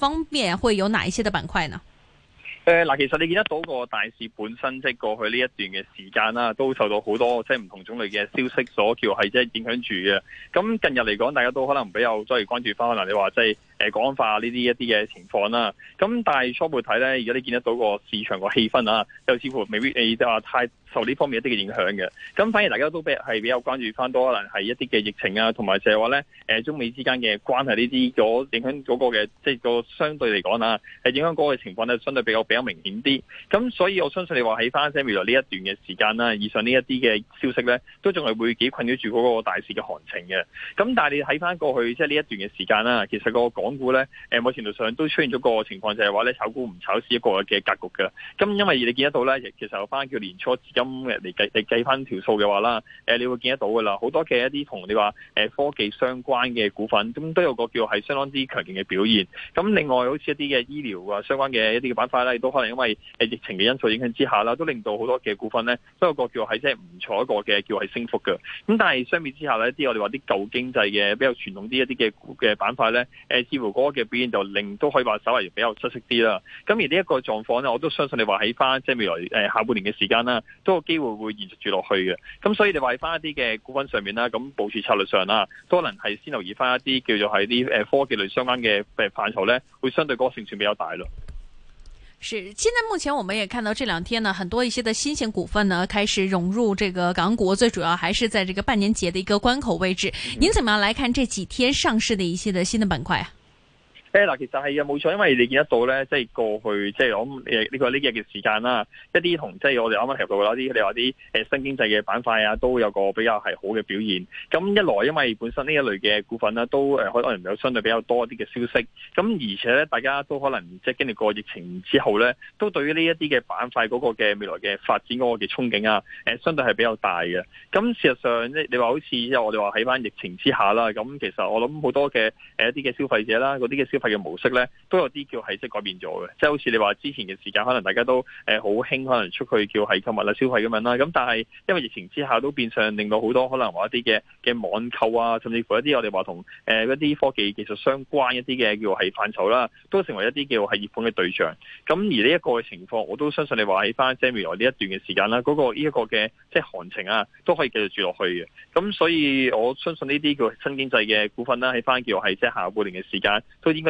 方便會有哪一些嘅板塊呢？誒，嗱，其實你見得到個大市本身，即係過去呢一段嘅時間啦，都受到好多即係唔同種類嘅消息所叫係即係影響住嘅。咁近日嚟講，大家都可能比較多意關注翻嗱，可能你話即係誒港化呢啲一啲嘅情況啦。咁但係初步睇咧，而家你見得到個市場個氣氛啊，又似乎未必誒即係話太。受呢方面一啲嘅影響嘅，咁反而大家都比係比較關注翻多，可能係一啲嘅疫情啊，同埋就係話咧，中美之間嘅關係呢啲，咗影響嗰個嘅，即係個相對嚟講啊，影響嗰個情況咧，相對比較比較明顯啲。咁所以我相信你話喺翻即係未來呢一段嘅時間啦，以上呢一啲嘅消息咧，都仲係會幾困擾住嗰個大市嘅行情嘅。咁但係你睇翻過去即係呢一段嘅時間啦，其實個港股咧，誒某程度上都出現咗個情況，就係話咧，炒股唔炒市一個嘅格局嘅。咁因為你見得到咧，其實有翻叫年初咁嚟計嚟計翻條數嘅話啦，誒，你會見得到噶啦，好多嘅一啲同你話誒科技相關嘅股份，咁都有個叫係相當之強勁嘅表現。咁另外，好似一啲嘅醫療啊相關嘅一啲嘅板塊咧，亦都可能因為誒疫情嘅因素影響之下啦，都令到好多嘅股份咧都有個叫係即係唔錯一個嘅叫係升幅嘅。咁但係相比之下咧，啲我哋話啲舊經濟嘅比較傳統啲一啲嘅嘅板塊咧，誒似乎嗰個嘅表現就令都可以話稍為比較出色啲啦。咁而呢一個狀況咧，我都相信你話喺翻即係未來誒下半年嘅時間啦。這個機會會延續住落去嘅，咁所以你話翻一啲嘅股份上面啦，咁部署策略上啦，啊，都可能係先留意翻一啲叫做係啲誒科技類相關嘅誒範疇咧，會相對嗰個勝算比較大咯。是，現在目前我們也看到這兩天呢，很多一些的新型股份呢，開始融入這個港股，最主要還是在這個半年節的一個關口位置。您怎麼樣來看這幾天上市的一些的新的板塊啊？其實係啊，冇錯，因為你見得到咧，即係過去，即係我諗誒，呢個呢幾日嘅時間啦，一啲同即係我哋啱啱提到嘅啦，啲你話啲誒新經濟嘅板塊啊，都有個比較係好嘅表現。咁一來，因為本身呢一類嘅股份啦，都誒可能有相對比較多一啲嘅消息。咁而且咧，大家都可能即係經歷過疫情之後咧，都對於呢一啲嘅板塊嗰個嘅未來嘅發展嗰個嘅憧憬啊，誒相對係比較大嘅。咁事實上，即係你話好似即係我哋話喺翻疫情之下啦，咁其實我諗好多嘅誒一啲嘅消費者啦，嗰啲嘅消費者嘅模式咧都有啲叫係即改變咗嘅，即係好似你話之前嘅時間，可能大家都好興，可能出去叫係購物啦、消費咁樣啦。咁但係因為疫情之下，都變相令到好多可能話一啲嘅嘅網購啊，甚至乎一啲我哋話同一啲科技技術相關一啲嘅叫係範疇啦，都成為一啲叫係熱捧嘅對象。咁而呢一個嘅情況，我都相信你話喺翻未來呢一段嘅時間啦，嗰個呢一個嘅即行情啊，都可以繼續住落去嘅。咁所以我相信呢啲叫新經濟嘅股份啦，喺翻叫係即下半年嘅時間都應該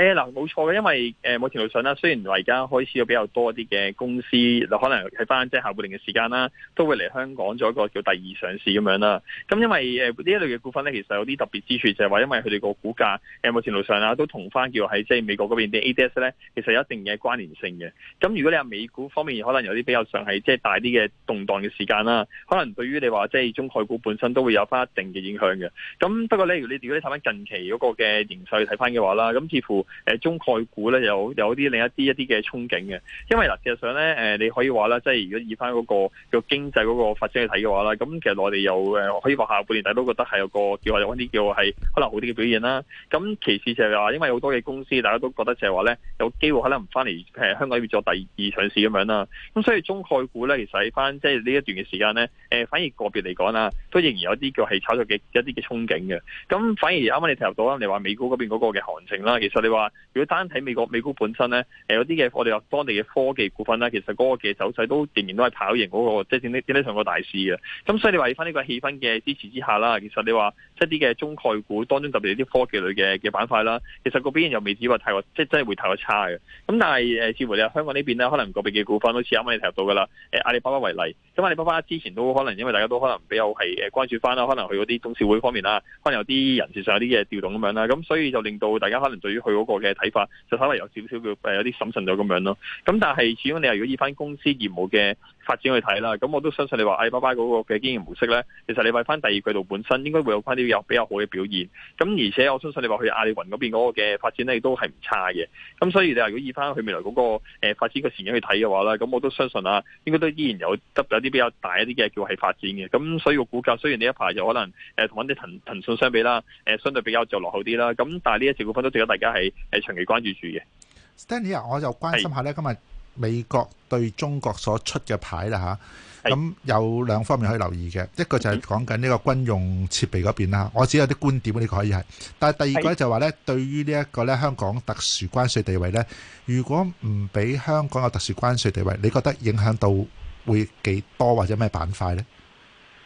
誒嗱，冇錯嘅，因為誒目前路上啦，雖然話而家開始有比較多啲嘅公司，可能睇翻即係下半年嘅時間啦，都會嚟香港做一個叫第二上市咁樣啦。咁因為誒呢一類嘅股份咧，其實有啲特別之處就係話，因為佢哋個股價誒目前路上啦，都同翻叫喺即係美國嗰邊啲 ADS 咧，其實有一定嘅關聯性嘅。咁如果你話美股方面可能有啲比較上係即係大啲嘅動盪嘅時間啦，可能對於你話即係中概股本身都會有翻一定嘅影響嘅。咁不過咧，如果你睇翻近期嗰個嘅形勢睇翻嘅話啦，咁似乎誒，中概股咧有有啲另一啲一啲嘅憧憬嘅，因為嗱事實上咧，誒你可以話啦，即係如果以翻、叫、嗰個個經濟嗰個發展去睇嘅話啦，咁其實內地又誒可以話下半年大家都覺得係有個或者有啲叫係可能好啲嘅表現啦。咁其次就係話，因為好多嘅公司大家都覺得就係話咧有機會可能唔翻嚟誒香港做第二上市咁樣啦。咁所以中概股咧，其實喺翻即係呢一段嘅時間咧，誒反而個別嚟講啦，都仍然有啲叫係炒作嘅一啲嘅憧憬嘅。咁反而啱啱你提到啦，你話美股嗰邊嗰個嘅行情啦，其實你。話、就是、如果單睇美國美股本身咧，誒、呃、有啲嘅我哋話當地嘅科技股份啦，其實嗰個嘅走勢都仍然都係跑贏嗰、那個即係整理整理上個大市嘅。咁所以你話喺翻呢個氣氛嘅支持之下啦，其實你話即係啲嘅中概股當中特別啲科技類嘅嘅板塊啦，其實嗰邊又未止話太過即係真係會太過差嘅。咁但係誒，似、呃、乎你香港呢邊呢，可能個別嘅股份好似啱啱你提到噶啦，誒、呃、阿里巴巴為例，咁阿里巴巴之前都可能因為大家都可能比較係誒關注翻啦，可能佢嗰啲董事會方面啦，可能有啲人事上有啲嘅調動咁樣啦，咁所以就令到大家可能對於佢。嗰個嘅睇法就可能有少少嘅有啲審慎咗咁樣咯。咁但係始終你如果以翻公司業務嘅發展去睇啦，咁我都相信你話阿里巴巴嗰個嘅經營模式咧，其實你揾翻第二季度本身應該會有翻啲有比較好嘅表現。咁而且我相信你話去阿里雲嗰邊嗰個嘅發展咧，亦都係唔差嘅。咁所以你話如果以翻佢未來嗰個呃發展嘅前景去睇嘅話咧，咁我都相信啊，應該都依然有得有啲比較大一啲嘅叫係發展嘅。咁所以個股價雖然呢一排就可能同揾啲騰騰訊相比啦、呃，相對比較就落後啲啦。咁但係呢一隻股份都值得大家係。係長期關注住嘅，Stanley，我就關心下咧，今日美國對中國所出嘅牌啦嚇，咁、嗯、有兩方面可以留意嘅，一個就係講緊呢個軍用設備嗰邊啦，我只有啲觀點呢、呢個可以係，但係第二個咧就話呢，對於呢一個咧香港特殊關稅地位呢，如果唔俾香港有特殊關稅地位，你覺得影響到會幾多或者咩板塊呢？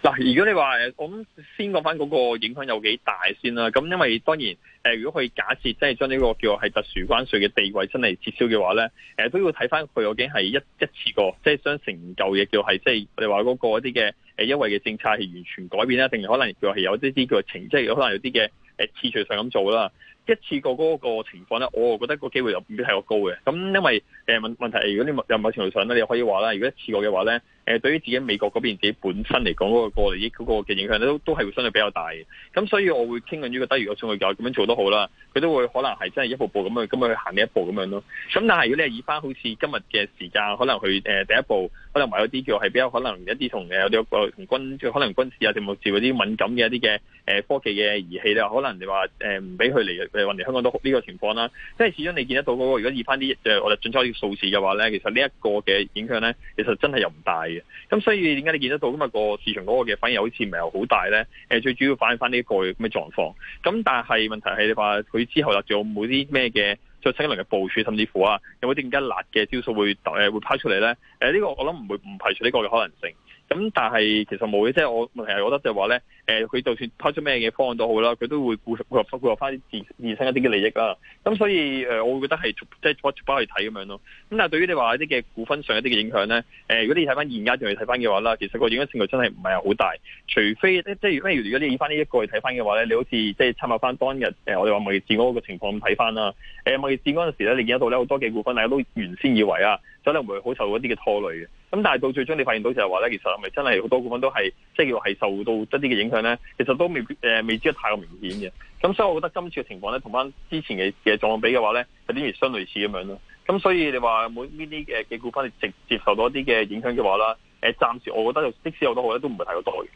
嗱，如果你話我諗先講翻嗰個影響有幾大先啦。咁因為當然、呃、如果佢假設即係將呢個叫做係特殊關稅嘅地位真係撤銷嘅話咧、呃，都要睇翻佢究竟係一一次過即係將成就嘅叫係即係我哋話嗰個一啲嘅誒優惠嘅政策係完全改變啦，定係可能叫係有啲啲嘅情，即係可能有啲嘅、呃、次序上咁做啦。一次過嗰個情況咧，我覺得個機會又未必係咁高嘅。咁因為誒問、呃、問題，如果你有某程度上咧，你可以話啦，如果一次過嘅話咧。誒對於自己美國嗰邊自己本身嚟講嗰個過利益嗰個嘅影響都都係會相對比較大嘅。咁所以我會傾緊呢個低預約數去搞，咁樣做都好啦。佢都會可能係真係一步步咁樣咁樣去行呢一步咁樣咯。咁但係如果你係以返好似今日嘅時間，可能佢誒、呃、第一步，可能買咗啲叫係比較可能一啲同嘅有啲同軍即係可能軍事啊、定物資嗰啲敏感嘅一啲嘅誒科技嘅儀器咧，可能你話誒唔俾佢嚟嚟香港都呢、這個情況啦。即係始終你見得到嗰個，如果以返啲我哋進出數字嘅話咧，其實呢一個嘅影響咧，其實真係又唔大。咁所以點解你見得到咁啊個市場嗰個嘅反應好似唔係好大咧？誒，最主要反映翻呢個咁嘅狀況。咁但係問題係你話佢之後啦，做冇啲咩嘅再新一輪嘅部署，甚至乎啊，有冇啲更加辣嘅招數會誒會拋出嚟咧？誒，呢個我諗唔會唔排除呢個嘅可能性。咁、嗯、但係其實冇嘅，即、就、係、是、我問題係覺得就係話咧，誒、呃、佢就算拋出咩嘢方案都好啦，佢都會顧及佢合翻、顧合翻自自身一啲嘅利益啦。咁、嗯、所以誒、呃，我會覺得係即係再逐步去睇咁樣咯。咁但係對於你話啲嘅股份上一啲嘅影響咧，誒、呃、如果你睇翻現階段仲要睇翻嘅話啦，其實個影響性佢真係唔係好大，除非、呃、即即係例如如果你以翻呢一個去睇翻嘅話咧，你好似即係參考翻當日誒、呃、我哋話貿易戰嗰個情況咁睇翻啦。誒貿易戰嗰陣時咧，你見得到咧好多嘅股份，大家都原先以為啊，所以你唔會好受到一啲嘅拖累嘅。咁但係到最終你發現到就係話咧，其實係咪真係好多股份都係即係叫係受到一啲嘅影響咧？其實都未誒未知得太過明顯嘅。咁所以我覺得今次嘅情況咧，同翻之前嘅嘅狀況比嘅話咧，有啲亦相類似咁樣咯。咁所以你話每呢啲誒嘅股份係直接受到一啲嘅影響嘅話啦，誒暫時我覺得即使有都好咧，都唔會太過多嘅。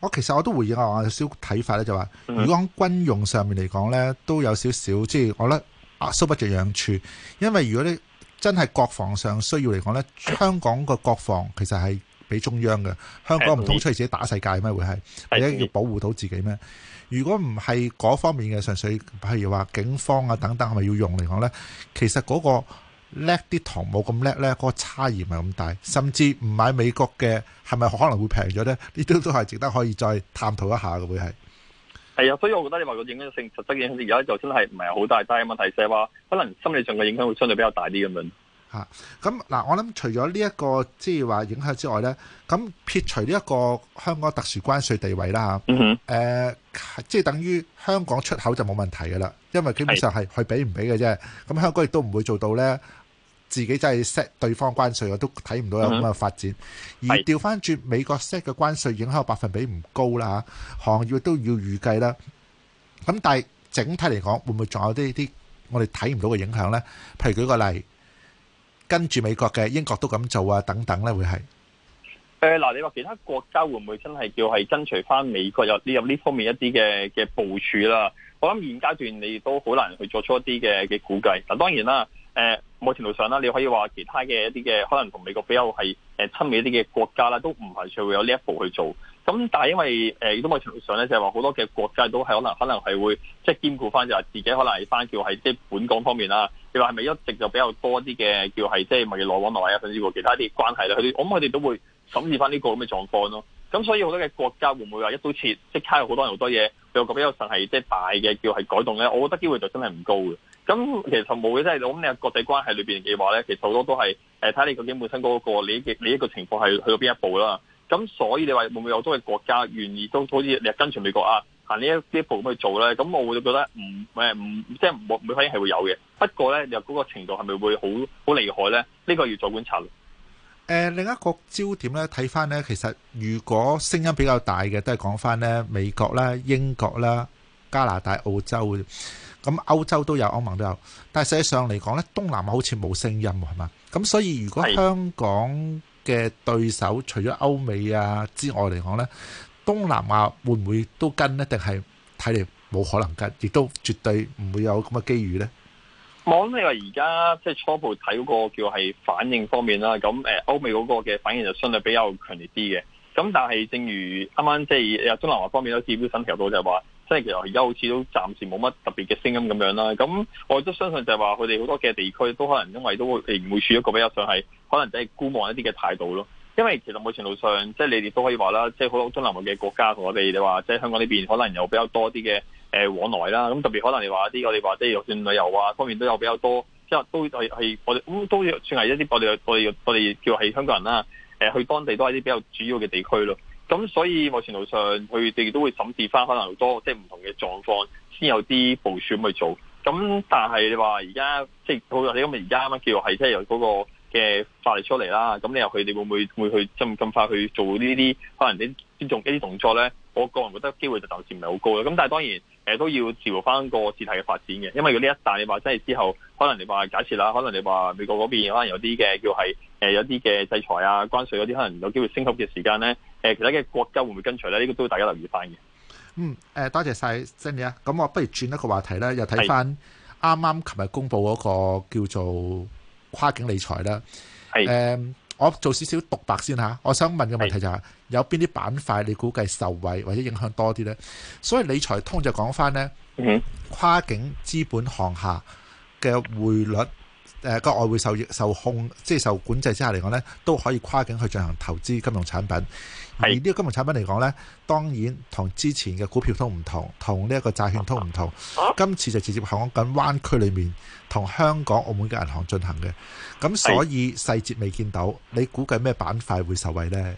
我其實我都回應下我少少睇法咧，就是，就話如果講軍用上面嚟講咧，都有少少即係我覺得啊，收不著養處，因為如果你……真係國防上需要嚟講呢，香港個國防其實係俾中央嘅。香港唔通出去自己打世界咩？會係或者要保護到自己咩？如果唔係嗰方面嘅，純粹譬如話警方啊等等，係咪要用嚟講呢？其實嗰個叻啲糖冇咁叻呢，嗰、嗰個差異唔係咁大，甚至唔買美國嘅係咪可能會平咗呢？呢啲都係值得可以再探討一下嘅會係。係啊，所以我覺得你話個影響性，實質影響而家就真係唔係好大，但係問題就係話，可能心理上嘅影響會相對比較大啲咁樣。吓、啊，咁嗱，我諗除咗呢一個即係話影響之外咧，咁撇除呢一個香港特殊關稅地位啦，吓、嗯，誒、呃，即係等於香港出口就冇問題噶啦，因為基本上係佢俾唔俾嘅啫。咁香港亦都唔會做到咧。自己真係 set 對方關稅，我都睇唔到有咁嘅發展。而調翻轉美國 set 嘅關稅影響百分比唔高啦，行業都要預計啦。咁但係整體嚟講，會唔會仲有啲啲我哋睇唔到嘅影響咧？譬如舉個例，跟住美國嘅英國都咁做啊，等等咧，會係。誒嗱，你話其他國家會唔會真係叫係跟隨翻美國有列入呢方面一啲嘅嘅部署啦？我諗現階段你都好難去作出一啲嘅嘅估計。嗱，當然啦，誒、呃，某程度上啦，你可以話其他嘅一啲嘅可能同美國比較係誒，親密啲嘅國家啦，都唔排除會有呢一步去做。咁但係因為誒，咁、呃、某程度上咧，就係話好多嘅國家都係可能可能係會即係兼顧翻，就話自己可能係翻叫係即係本港方面啦、啊。你話係咪一直就是、是比較多啲嘅叫係即係咪來往往來啊？甚至乎其他啲關係啦，佢哋咁佢哋都會審視翻呢個咁嘅狀況咯。咁所以好多嘅國家會唔會話一刀切，即刻有好多人好多嘢，佢個比較上係即係大嘅叫係改動咧？我覺得機會就真係唔高嘅。咁其實冇嘅，即係咁你啊，國際關係裏邊嘅話咧，其實好多都係誒，睇你究竟本身嗰、嗰個你你一個情況係去到邊一步啦。咁所以你話會唔會有多嘅國家願意都好似你啊跟從美國啊行呢一啲步咁去做咧？咁我會覺得唔誒唔即係冇，反正係會有嘅。不過咧，你嗰個程度係咪會好好厲害咧？呢、呢個要再觀察。誒、呃，另一個焦點咧，睇翻咧，其實如果聲音比較大嘅，都係講翻咧，美國啦、英國啦、加拿大、澳洲。咁歐洲都有，歐盟都有，但係實際上嚟講咧，東南亞好似冇聲音喎，係嘛？咁所以如果香港嘅對手除咗歐美啊之外嚟講咧，東南亞會唔會都跟呢，定係睇嚟冇可能跟，亦都絕對唔會有咁嘅機遇咧。我諗你話而家即係初步睇嗰個叫係反應方面啦，咁誒歐美嗰個嘅反應就相對比較強烈啲嘅。咁但係正如啱啱即係誒東南亞方面都資料分析到就係話。即係其實而家好似都暫時冇乜特別嘅聲音咁樣啦，咁我都相信就係話佢哋好多嘅地區都可能因為都並唔會處一個比較上係可能即係觀望一啲嘅態度咯。因為其實某程度上即係、就是、你哋都可以話啦，即係好多中南亞嘅國家同我哋你話即係香港呢邊可能有比較多啲嘅誒往來啦。咁特別可能你話一啲我哋話即係就算旅遊啊方面都有比較多，即、就、係、是、都係係我哋咁都算係一啲我哋我哋我哋叫係香港人啦，誒去當地都係一啲比較主要嘅地區咯。咁所以某程度上，佢哋都會審視翻可能好多即係唔同嘅狀況，先有啲部署去做。咁但係你話而家即係好你、就是、你咁，而家啱叫係即係有嗰個嘅法例出嚟啦。咁你又佢哋會唔會會去咁咁快去做呢啲可能你尊重呢啲動作咧？我個人覺得機會就暫時唔係好高啦。咁但係當然。誒，都要調翻個事態嘅發展嘅，因為呢一旦你話即係之後，可能你話假設啦，可能你話美國嗰邊可能有啲嘅叫係，有啲嘅制裁啊、關稅嗰啲，可能有機會升級嘅時間咧。其他嘅國家會唔會跟隨咧？呢、這個都要大家留意翻嘅。嗯，誒、呃，多謝曬，Sandy 呀。咁我不如轉一個話題啦，又睇翻啱啱琴日公布嗰個叫做跨境理財啦。我做少少獨白先嚇，我想問嘅問題就係、是、有邊啲板塊你估計受惠或者影響多啲呢？所以理財通就講翻呢，跨境資本項下嘅匯率誒個、呃、外匯受受控，即係受管制之下嚟講呢，都可以跨境去進行投資金融產品。而呢個金融產品嚟講呢，當然同之前嘅股票通唔同，同呢一個債券通唔同。今次就直接行緊灣區裏面，同香港、澳門嘅銀行進行嘅。咁所以細節未見到，你估計咩板塊會受惠呢？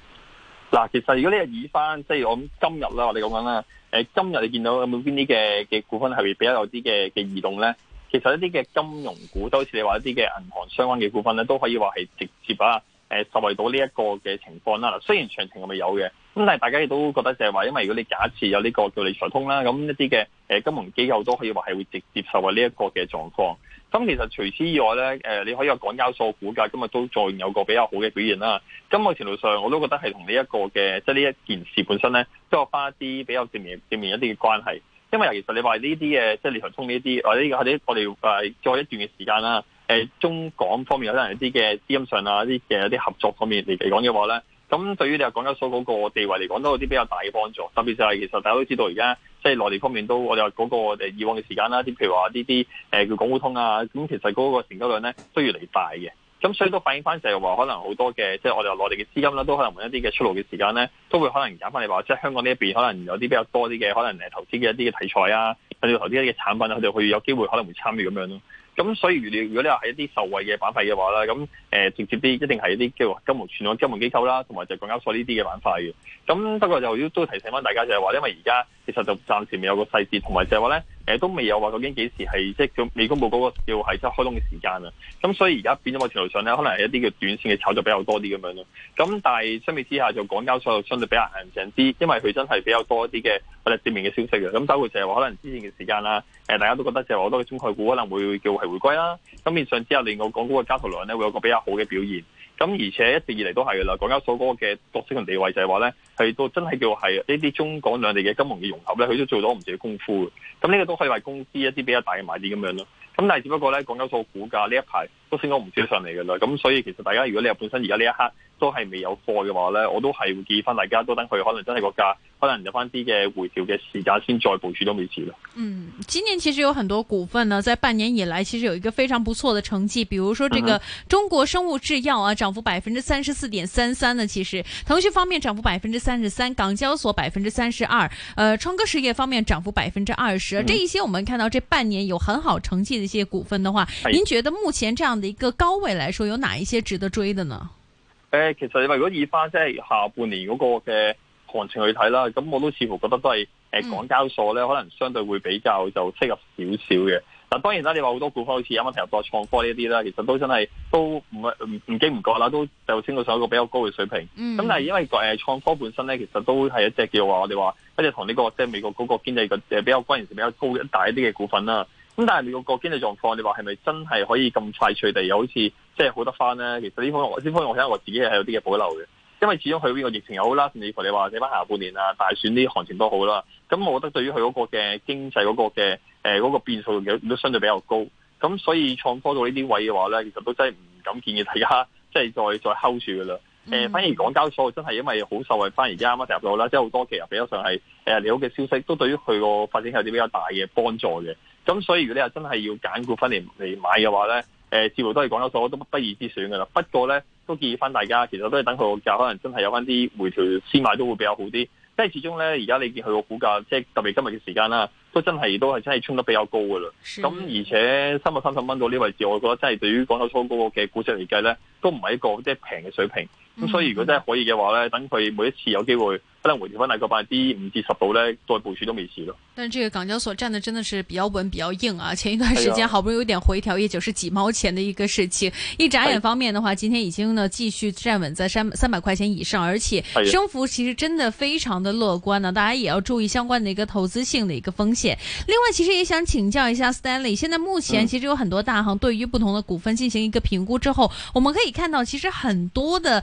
嗱，其實如果你係以翻即係我今日啦，我哋講緊啦，誒今日你見到有冇邊啲嘅嘅股份係比較有啲嘅嘅移動呢？其實一啲嘅金融股，都好似你話一啲嘅銀行相關嘅股份呢，都可以話係直接啊。誒受惠到呢一個嘅情況啦，雖然長情係咪有嘅，咁但係大家亦都覺得就係話，因為如果你假設有呢個叫理財通啦，咁一啲嘅誒金融機構都可以話係會直接受惠呢一個嘅狀況。咁其實除此以外咧，誒你可以港交所股價今日都再有個比較好嘅表現啦。咁某程度上我都覺得係同呢一個嘅，即係呢一件事本身咧，都有翻一啲比較正面正面一啲嘅關係。因為其實你話呢啲嘅，即係理財通呢啲，或者我哋再一段嘅時間啦。誒中港方面有可能一啲嘅資金上啊，啲嘅有啲合作方面嚟嚟講嘅話咧，咁對於你話港交所嗰個地位嚟講，都有啲比較大嘅幫助。特別就係其實大家都知道，而家即係內地方面都我哋話嗰個以往嘅時間啦，啲譬如話呢啲誒叫港股通啊，咁其實嗰個成交量咧，都越嚟越大嘅，咁所以都反映翻就係話，可能好多嘅即係我哋話內地嘅資金啦，都可能一啲嘅出路嘅時間咧，都會可能揀翻嚟話，即係香港呢一邊可能有啲比較多啲嘅可能誒投資嘅一啲嘅題材啊，甚至投資的一啲嘅產品啊，佢哋有機會可能會參與咁樣咯。咁所以如果如果你話係一啲受惠嘅板塊嘅話咧，咁誒、呃、直接啲一定係一啲叫金融，傳統金融機構啦，同埋就港交所呢啲嘅板塊嘅。咁不過就都提醒翻大家就係話，因為而家其實就暫時未有個細節，同埋就係話咧。誒，都未有話究竟幾時係即係未公布嗰個叫係即開通嘅時間啊，咁所以而家變咗個程度上咧，可能係一啲叫短綫嘅炒作比較多啲咁樣咯。咁但係相比之下就，就港交所相對比較硬淨啲，因為佢真係比較多一啲嘅我哋正面嘅消息嘅。咁包括就係話可能之前嘅時間啦，誒，大家都覺得就係好多嘅中概股可能會叫係回歸啦。咁變相之後令到港股嘅交投量咧會有個比較好嘅表現。咁而且一直以嚟都係噶啦，港交所嗰個嘅角色同地位就係話咧，係都真係叫係呢啲中港兩地嘅金融嘅融合咧，佢都做咗唔少功夫嘅。咁呢個都可以為公司一啲比較大嘅買點咁樣咯。咁但係只不過咧，港交所股價呢一排都升咗唔少上嚟嘅啦。咁所以其實大家如果你係本身而家呢一刻都係未有貨嘅話咧，我都係會建議翻大家，都等佢可能真係個價，可能有翻啲嘅回調嘅時間，先再部署都未遲啦。嗯，今年其實有很多股份呢，啊，在半年以來其實有一個非常不錯嘅成績。比如說這個中國生物製藥啊，漲幅百分之三十四點三三呢。其實騰訊方面漲幅百分之三十三，港交所百分之三十二，呃，創科實業方面漲幅百分之二十。這一些我們看到這半年有很好成績。一些股份嘅話，您覺得目前這樣的一個高位來說，有哪一些值得追的呢？誒、呃，其實你話如果以翻即係下半年嗰個嘅行情去睇啦，咁我都似乎覺得都係誒、呃、港交所咧，可能相對會比較就適合少少嘅。嗱、嗯，當然啦，你話好多股份好似啱啱投入咗創科呢啲啦，其實都真係都唔唔經唔覺啦，都就升到上一個比較高嘅水平。咁、嗯、但係因為誒、呃、創科本身咧，其實都係一隻叫話我哋話一隻同呢、這個即係、就是、美國嗰個經濟嘅比較關聯比較高、一大一啲嘅股份啦。咁但係你個個經濟狀況，你話係咪真係可以咁快脆地又好似即係好得翻咧？其實呢方面我，呢方面我睇下我自己係有啲嘅保留嘅，因為始終佢呢個疫情又好啦，甚至你話你翻下半年啊大選啲行情都好啦。咁我覺得對於佢嗰個嘅經濟嗰、嗰個嘅嗰、嗰個變數都相對比較高。咁所以創科到呢啲位嘅話咧，其實都真係唔敢建議大家即係再再 hold 住噶啦、嗯。反而港交所真係因為好受惠翻而家啱啱入到啦，即係好多其實比較上係誒利好嘅消息，都對於佢個發展係有啲比較大嘅幫助嘅。咁所以如果你啊真係要揀股份嚟嚟買嘅話咧，誒、呃，似乎都係港交所都不二之選㗎啦。不過咧，都建議翻大家，其實都係等佢個價可能真係有翻啲回調先買都會比較好啲。即係始終咧，而家你見佢個股價，即係特別今日嘅時間啦，都真係都係真係沖得比較高㗎啦。咁而且三百三十蚊到呢位置，我覺得真係對於港交所嗰個嘅股息嚟計咧，都唔係一個即係平嘅水平。嗯嗯、所以如果真係可以嘅話呢，等佢每一次有機會，可能回調翻大概百分之五至十度呢，再部署都未遲咯。但係這個港交所站得真的是比較穩，比較硬啊！前一段時間好不容易有點回調，啊，也就是幾毛錢的一個事情。一眨眼，方面嘅話，今天已經呢繼續站穩在三三百塊錢以上，而且升幅其實真的非常的樂觀啊！啊，大家也要注意相關嘅一個投資性嘅一個風險。另外，其實也想請教一下 Stanley，現在目前其實有很多大行對於不同的股份進行一個評估之後，嗯、我們可以看到其實很多的。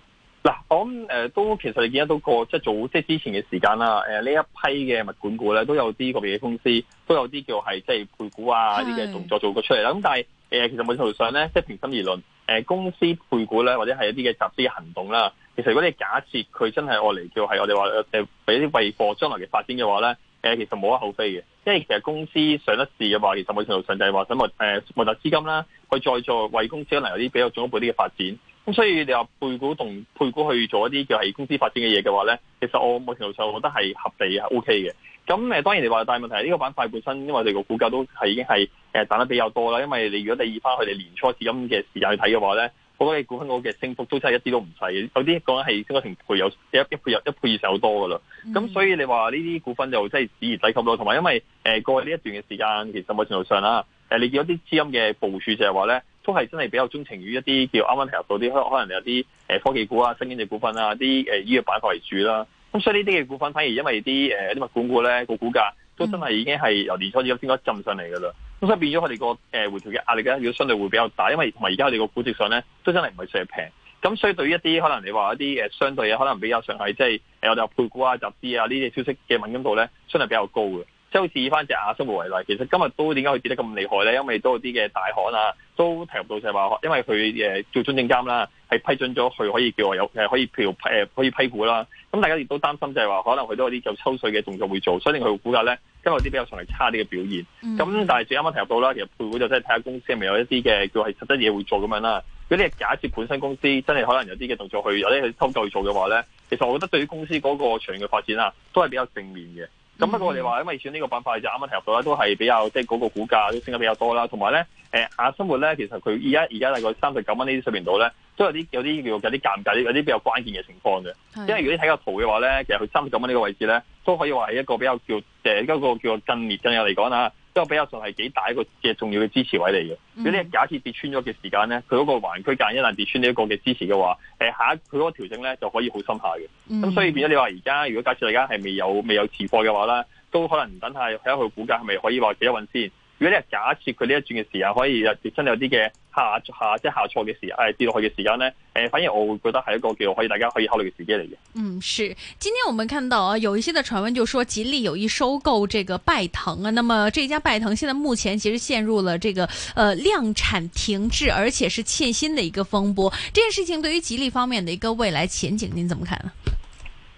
嗱，我諗誒都其實你見到過即係早即係之前嘅時間啦，誒呢一批嘅物管股咧都有啲個別嘅公司都有啲叫係即係配股啊，啲嘅動作做過出嚟啦。咁但係誒其實某程度上咧，即係平心而論，誒公司配股咧或者係一啲嘅集資行動啦，其實如果你假設佢真係愛嚟叫係我哋話誒俾啲備貨將來嘅發展嘅話咧，誒其實冇乜厚非嘅，因為其實公司上得市嘅話，其實某程度上就係話想獲誒獲集資金啦，去再做為公司將來有啲比較進一步啲嘅發展。咁所以你話配股同配股去做一啲叫係公司發展嘅嘢嘅話咧，其實我某程度上我覺得係合理係 O K 嘅。咁誒、OK、當然你話，大係問題呢個板塊本身，因為我哋個股價都係已經係誒賺得比較多啦。因為你如果你以翻佢哋年初資金嘅時間睇嘅話咧，好多嘅股份嗰嘅升幅都真係一啲都唔細，有啲講係升咗成倍，有一一倍有一倍以上好多噶啦。咁所以你話呢啲股份就真係止然抵級咯。同埋因為誒過去呢一段嘅時間，其實某程度上啦，誒你見到啲資金嘅部署就係話咧。都係真係比較鍾情於一啲叫啱啱提到啲，可能可能有啲科技股啊、新經濟股份啊、啲誒醫藥板塊為主啦、啊。咁所以呢啲嘅股份反而因為啲誒啲物管股咧，個股價都真係已經係由年初已經先開始浸上嚟噶啦。咁所以變咗佢哋個誒回調嘅壓力咧，如果相對會比較大，因為同埋而家我哋個估值上咧都真係唔係算係平。咁所以對於一啲可能你話一啲相對可能比較上係即係我哋配股啊、集資啊呢啲消息嘅敏感度咧，相對比較高嘅。即好似以翻隻亞信匯為例，其實今日都點解會跌得咁厲害咧？因為都有啲嘅大行啊都提及到就係話，因為佢誒做中證監啦，係批准咗佢可以叫話有誒可以票批誒、呃、可以批股啦。咁大家亦都擔心就係話，可能佢都有啲叫抽水嘅動作會做，所以令佢股價咧今日啲比較長期差啲嘅表現。咁、嗯、但係最啱啱提及到啦，其實配股就真係睇下公司係咪有一啲嘅叫係實質嘢會做咁樣啦。如果啲假設本身公司真係可能有啲嘅動作去有啲去偷夠去做嘅話咧，其實我覺得對於公司嗰個長遠嘅發展啊，都係比較正面嘅。咁 不過我哋話，因為以前呢個板塊就啱啱提到啦，都係比較即係嗰個股價都升得比較多啦。同埋咧，誒、啊、雅生活咧，其實佢而家而家大概三十九蚊呢啲水平度咧，都有啲有啲叫有啲尷尬，有啲比較關鍵嘅情況嘅。因為如果你睇個圖嘅話咧，其實佢三十九蚊呢個位置咧，都可以話係一個比較叫誒、呃、一個叫做近熱震有嚟講啦，都比較上係幾大一個嘅重要嘅支持位嚟嘅，如果你假設跌穿咗嘅時間咧，佢嗰個橫區間一旦跌穿呢一個嘅支持嘅話，誒下一佢嗰個調整咧就可以好深下嘅，咁、嗯、所以變咗你話而家如果假設而家係未有未有持貨嘅話咧，都可能唔等下睇下佢股價係咪可以話企穩先。如果你係假設佢呢一轉嘅時間可以啊，跌出有啲嘅下下即係下挫嘅時，誒跌落去嘅時間呢，誒反而我會覺得係一個叫可以大家可以考慮嘅時機嚟嘅。嗯，是，今天我們看到啊，有一些嘅傳聞就說吉利有意收購這個拜騰啊，那麼這家拜騰現在目前其實陷入了這個呃量產停滯，而且是欠薪的一個風波。這件、個、事情對於吉利方面的一個未來前景，您怎麼看、啊？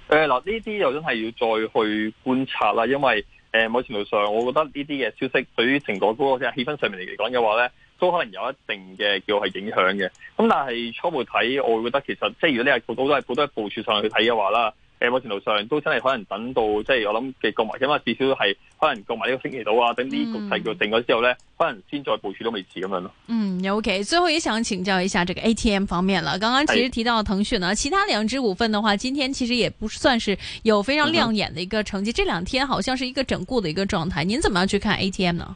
誒、呃，嗱，呢啲又真係要再去觀察啦，因為。誒，某程度上，我覺得呢啲嘅消息對於成個嗰個即係氣氛上面嚟講嘅話咧，都可能有一定嘅叫係影響嘅。咁但係初步睇，我會覺得其實即係如果你係好多都係好多係部署上去睇嘅話啦，誒，某程度上都真係可能等到即係我諗嘅，降埋因為至少都係。可能購買呢個星期到啊，等呢個提決定咗之後咧，嗯，可能先再部署都未遲咁樣咯。嗯，OK，最後也想請教一下這個 ATM 方面啦。剛剛其實提到騰訊呢，其他兩支股份的話，今天其實也不算是有非常亮眼的一個成績，嗯。這兩天好像是一個整固的一個狀態。您怎麼樣去看 ATM 呢？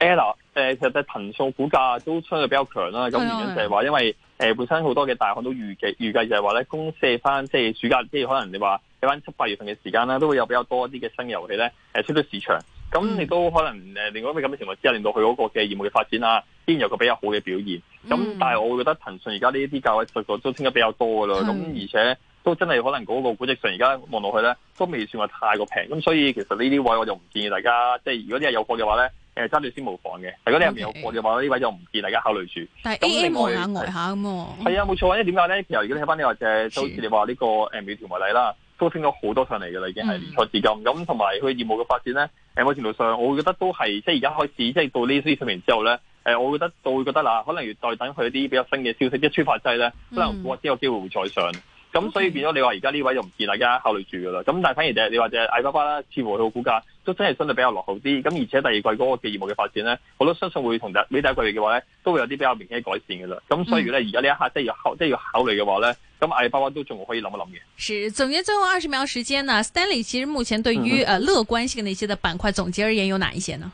誒、欸、嗱，誒、呃、其實騰訊股價都相對比較強啦，啊。咁原因就係話，因為誒、呃、本身好多嘅大行都預計預計就係話咧，公細翻，即係暑假，即係可能你話。喺翻七八月份嘅時間咧，都會有比較多一啲嘅新遊戲咧，誒推出市場。咁亦都可能誒，另外咁嘅情況之下，令到佢嗰個嘅業務嘅發展啊，依然有個比較好嘅表現。咁但係我覺得騰訊而家呢一啲價位，個都升得比較多嘅咯。咁而且都真係可能嗰個估值上而家望落去咧，都未算話太過平。咁所以其實呢啲位置我就唔建議大家。即係如果你係有貨嘅話咧，誒揸住先無妨嘅。如果你入面有貨嘅話，呢、呃 okay. 位就唔建議大家考慮住。咁你會捱、呃、下捱下咁。係啊，冇、啊、錯啊。因為點解咧？其實如果你睇翻、就是嗯、你話誒、這個，就似你話呢個誒美團為例啦。都升咗好多上嚟噶啦，已經係年初至今。咁、嗯，同埋佢業務嘅發展咧，誒、呃、某程度上，我會覺得都係即係而家開始，即係到呢啲水平之後咧，誒我覺得，我會覺得啦，可能要再等佢一啲比較新嘅消息，即係催化劑咧，可能我先有機會會再上。咁、嗯、所以變咗你話而家呢位又唔見大家考慮住噶啦。咁但係反而就係你話就係阿里巴巴啦，似乎佢個股價，都真係相對比較落後啲，咁而且第二季嗰個嘅業務嘅發展咧，我都相信會同第呢第一季嘅話咧，都會有啲比較明顯嘅改善嘅啦。咁所以咧，而家呢一刻即係要考即係要考慮嘅話咧，咁阿里巴巴都仲可以諗一諗嘅。是總結最後二十秒時間呢？Stanley 其實目前對於誒樂觀性嘅一些嘅板塊總結而言，有哪一些呢？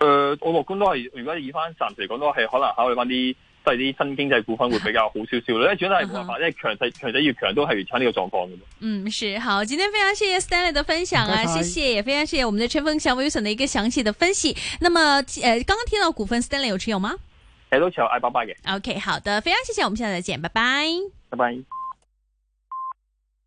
誒、嗯呃，我樂觀都係如果以翻暫時嚟講都係可能考慮翻啲。係啲新經濟股份會比較好少少咧，主要都係冇辦法，因為強勢、強勢越強都係越差呢個狀況嘅。嗯，是好，今天非常謝謝 Stanley 的分享啊，bye bye 謝謝，非常謝謝我們的春風祥 Wilson 的一個詳細的分析。那麼，誒、呃，剛剛聽到股份 Stanley 有持有嗎？係都持有阿里巴巴嘅。OK，好的，非常謝謝，我們下次再見，拜拜。拜拜。